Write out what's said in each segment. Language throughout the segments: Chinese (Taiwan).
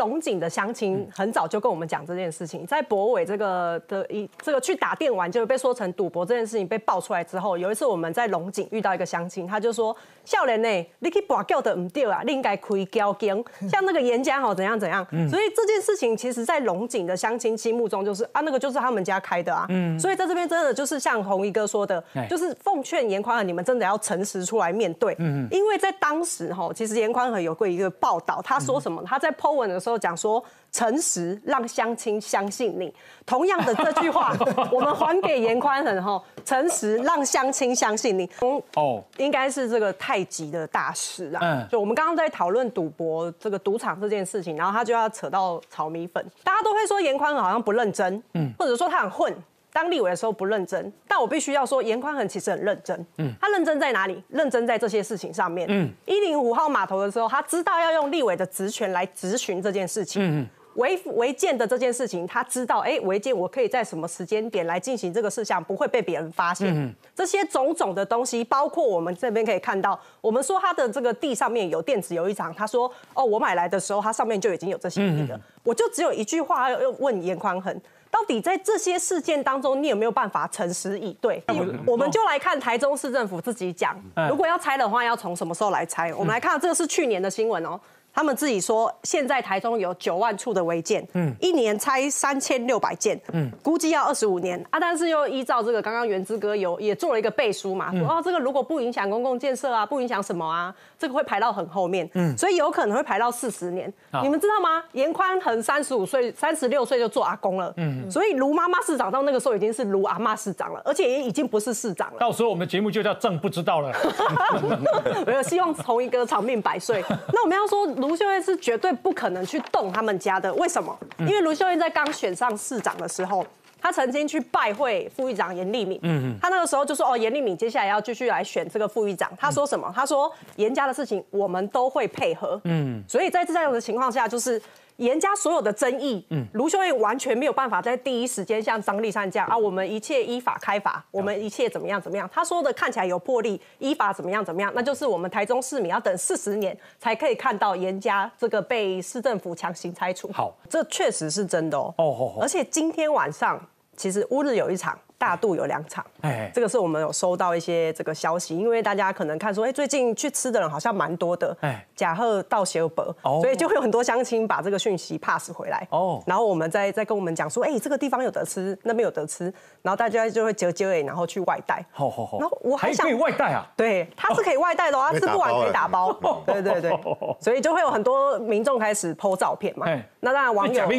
龍井的鄉親很早就跟我們講這件事情，在柏惟這個的一這個去打電玩就被說成賭博這件事情被爆出來之後，有一次我們在龍井遇到一個鄉親，他就說：“笑林呢，你去博叫的不對啊，你應該以教經， 像那個顏家好怎樣怎樣。”所以這件事情其實在龍井的鄉親心目中就是啊，那個就是他們家開的啊。嗯，所以在這邊真的就是像洪一哥說的，嗯、就是奉勸顏寬恆你們真的要誠實出來面對。嗯哼因為在當時哈，其實顏寬恆有過一個報道，他說什麼？他在 po 文的時候。都講說，誠實讓鄉親相信你，同樣的這句話 我們還給顏寬恆吼，誠實讓鄉親相信你。哦、嗯，應該是這個太極的大師啊。嗯，就我們剛剛在討論賭博這個賭場這件事情，然後他就要扯到炒米粉。大家都會說顏寬恆好像不認真，嗯，或者說他很混。當立委的時候不認真，但我必須要說，顏寬恆其實很認真。嗯，他認真在哪裡？認真在這些事情上面。嗯，一零五號碼頭的時候，他知道要用立委的職權來質詢這件事情。嗯，違違建的這件事情，他知道，哎、欸，違建我可以在什麼時間點來進行這個事項，不會被別人發現。嗯。嗯，這些種種的東西，包括我們這邊可以看到，我們說他的這個地上面有電子遊戲場，他說，哦，我買來的時候，它上面就已經有這些地了。嗯嗯、我就只有一句話要問顏寬恆。到底在這些事件當中，你有沒有辦法誠實以對？我們就來看台中市政府自己講，如果要拆的話，要從什麼時候來拆？我們來看，這個是去年的新聞哦。他們自己說，現在台中有九萬處的違建，嗯，一年拆三千六百件，嗯，估計要二十五年啊。但是又依照這個剛剛元之哥有也做了一個背書嘛，哦、嗯、這個如果不影響公共建設啊，不影響什麼啊，這個會排到很後面，嗯，所以有可能會排到四十年。嗯、你們知道嗎？顏寬恆三十五歲、三十六歲就做阿公了，嗯，所以盧媽媽市長到那個時候已經是盧阿媽市長了，而且也已經不是市長了。到時候我們的節目就叫鄭不知道了， 我希望同一個長命百歲。那我們要說。盧秀燕是絕對不可能去動他們家的，為什麼？因為盧秀燕在剛選上市長的時候，她曾經去拜會副議長顏莉敏。嗯嗯，他那個時候就說：“哦，顏莉敏接下來要繼續來選這個副議長。”他說什麼？他說：“顏家的事情我們都會配合。”嗯，所以在這樣的情況下，就是。嚴家所有的爭議，嗯，盧秀燕完全沒有辦法在第一時間像張麗善這樣、嗯、啊，我們一切依法開罰，我們一切怎麼樣怎麼樣？他說的看起來有魄力，依法怎麼樣怎麼樣？那就是我們台中市民要等四十年才可以看到嚴家這個被市政府強行拆除。好，這確實是真的哦。哦，oh, oh, oh. 而且今天晚上其實烏日有一場。大度，有兩場，哎，這個是我們有收到一些這個消息，因為大家可能看說，哎，最近去吃的人好像蠻多的，哎，嘉賀到希爾伯，哦、所以就會有很多鄉親把這個訊息 pass 回來，哦，然後我們再再跟我們講說，哎，這個地方有得吃，那邊有得吃，然後大家就會直接哎，然後去外帶，好、哦，好、哦，好、哦，然後我還想還可以外帶啊，對，它是可以外帶的，哦，它吃不完可以打包，嗯嗯、對，對，對，所以就會有很多民眾開始 po 照片嘛，哎、那當然網友，就對，了對，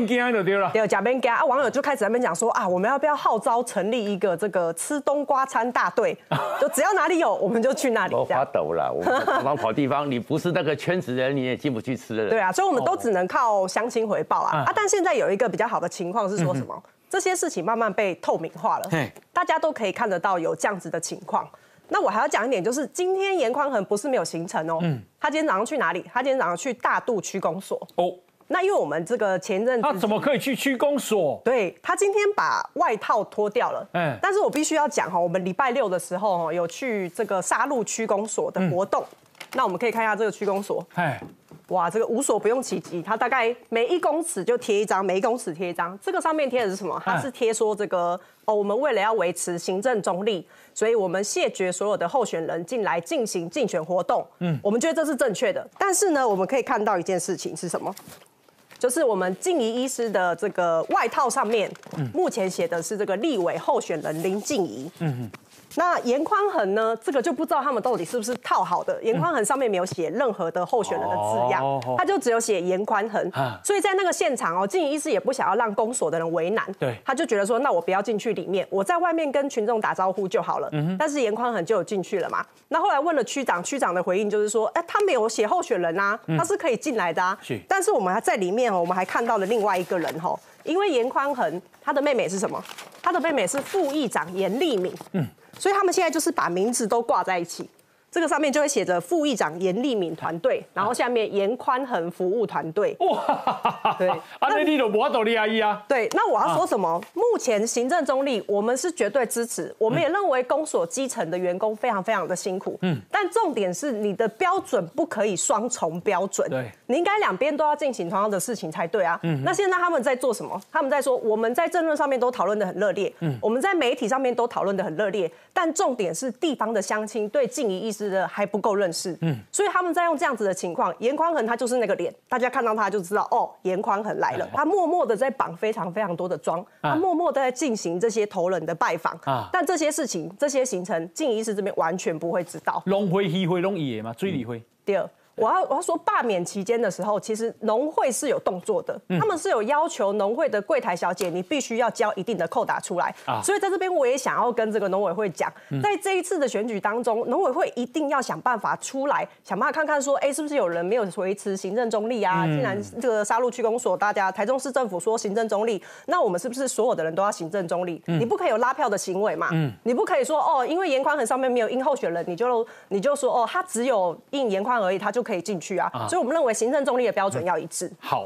吃免驚啊，網友就開始在那邊講說，啊，我們要不要號召成立？一個這個吃冬瓜餐大隊，就只要哪裡有， 我們就去那裡。我發抖了，我剛剛跑地方。 你不是那個圈子人，你也進不去吃的人。對啊，所以我們都只能靠鄉親回報啊、哦、啊！但現在有一個比較好的情況是說什麼？嗯、哼這些事情慢慢被透明化了，嗯、哼大家都可以看得到有這樣子的情況。嘿那我還要講一點，就是今天顏寬恆不是沒有行程哦，嗯，他今天早上去哪裡？他今天早上去大肚區公所哦。那因為我們這個前任，他怎麼可以去區公所？對，他今天把外套脫掉了。嗯，但是我必須要講哈，我們禮拜六的時候哈有去這個沙鹿區公所的活動。那我們可以看一下這個區公所。哎，哇，這個無所不用其極。他大概每一公尺就貼一張，每一公尺貼一張。這個上面貼的是什麼？它是貼說這個哦，我們為了要維持行政中立，所以我們謝絕所有的候選人進來進行競選活動。嗯，我們覺得這是正確的。但是呢，我們可以看到一件事情是什麼？就是我們靜儀醫師的這個外套上面，嗯、目前寫的是這個立委候選人林靜儀。嗯那顏寬恆呢？這個就不知道他們到底是不是套好的。顏寬恆上面沒有寫任何的候選人的字樣，嗯、他就只有寫顏寬恆。啊、所以在那個現場哦，靜儀醫師也不想要讓公所的人為難，對，他就覺得說，那我不要進去裡面，我在外面跟群眾打招呼就好了。嗯哼但是顏寬恆就有進去了嘛。那後，後來問了區長，區長的回應就是說，哎、欸，他沒有寫候選人啊，他是可以進來的啊。嗯、但是我們還在裡面哦，我們還看到了另外一個人哦，因為顏寬恆他的妹妹是什麼？他的妹妹是副議長顏莉敏。嗯。所以他們現在就是把名字都掛在一起。這個上面就會寫着副議長顏莉敏團隊，然後下面顏寬恆服務團隊。哇，對，安尼你就無道理阿姨啊。對，那我要說什麼？目前行政中立，我們是絕對支持。我們也認為公所基層的員工非常非常的辛苦。嗯。但重點是你的標準不可以雙重標準。對。你應該兩邊都要進行同樣的事情才對啊。嗯。那現在他們在做什麼？他們在說我們在政論上面都討論得很熱烈。嗯。我們在媒體上面都討論得很熱烈。但重點是地方的鄉親對靜儀醫是的，還不夠認識，嗯，所以他們在用這樣子的情況，顏寬恆他就是那個臉，大家看到他就知道，哦，顏寬恆來了，哎哎他默默的在綁非常非常多的樁，啊、他默默的在進行這些頭人的拜訪，啊，但這些事情，這些行程，靜儀師這邊完全不會知道，攏灰稀會攏也追最理會，二。我要我要說，罷免期間的時候，其實農會是有動作的，嗯、他們是有要求農會的櫃台小姐，你必須要交一定的扣打出來。啊、所以在這邊，我也想要跟這個農委會講，在這一次的選舉當中，農委會一定要想辦法出來，想辦法看看說，哎、欸，是不是有人沒有維持行政中立啊？既、嗯、然這個沙鹿區公所，大家台中市政府說行政中立，那我們是不是所有的人都要行政中立？嗯、你不可以有拉票的行為嘛？嗯、你不可以說哦，因為顏寬恆上面沒有印候選人，你就你就說哦，他只有印顏寬而已，他就可。可以進去啊，嗯，所以我們認為行政中立的標準要一致。嗯，好。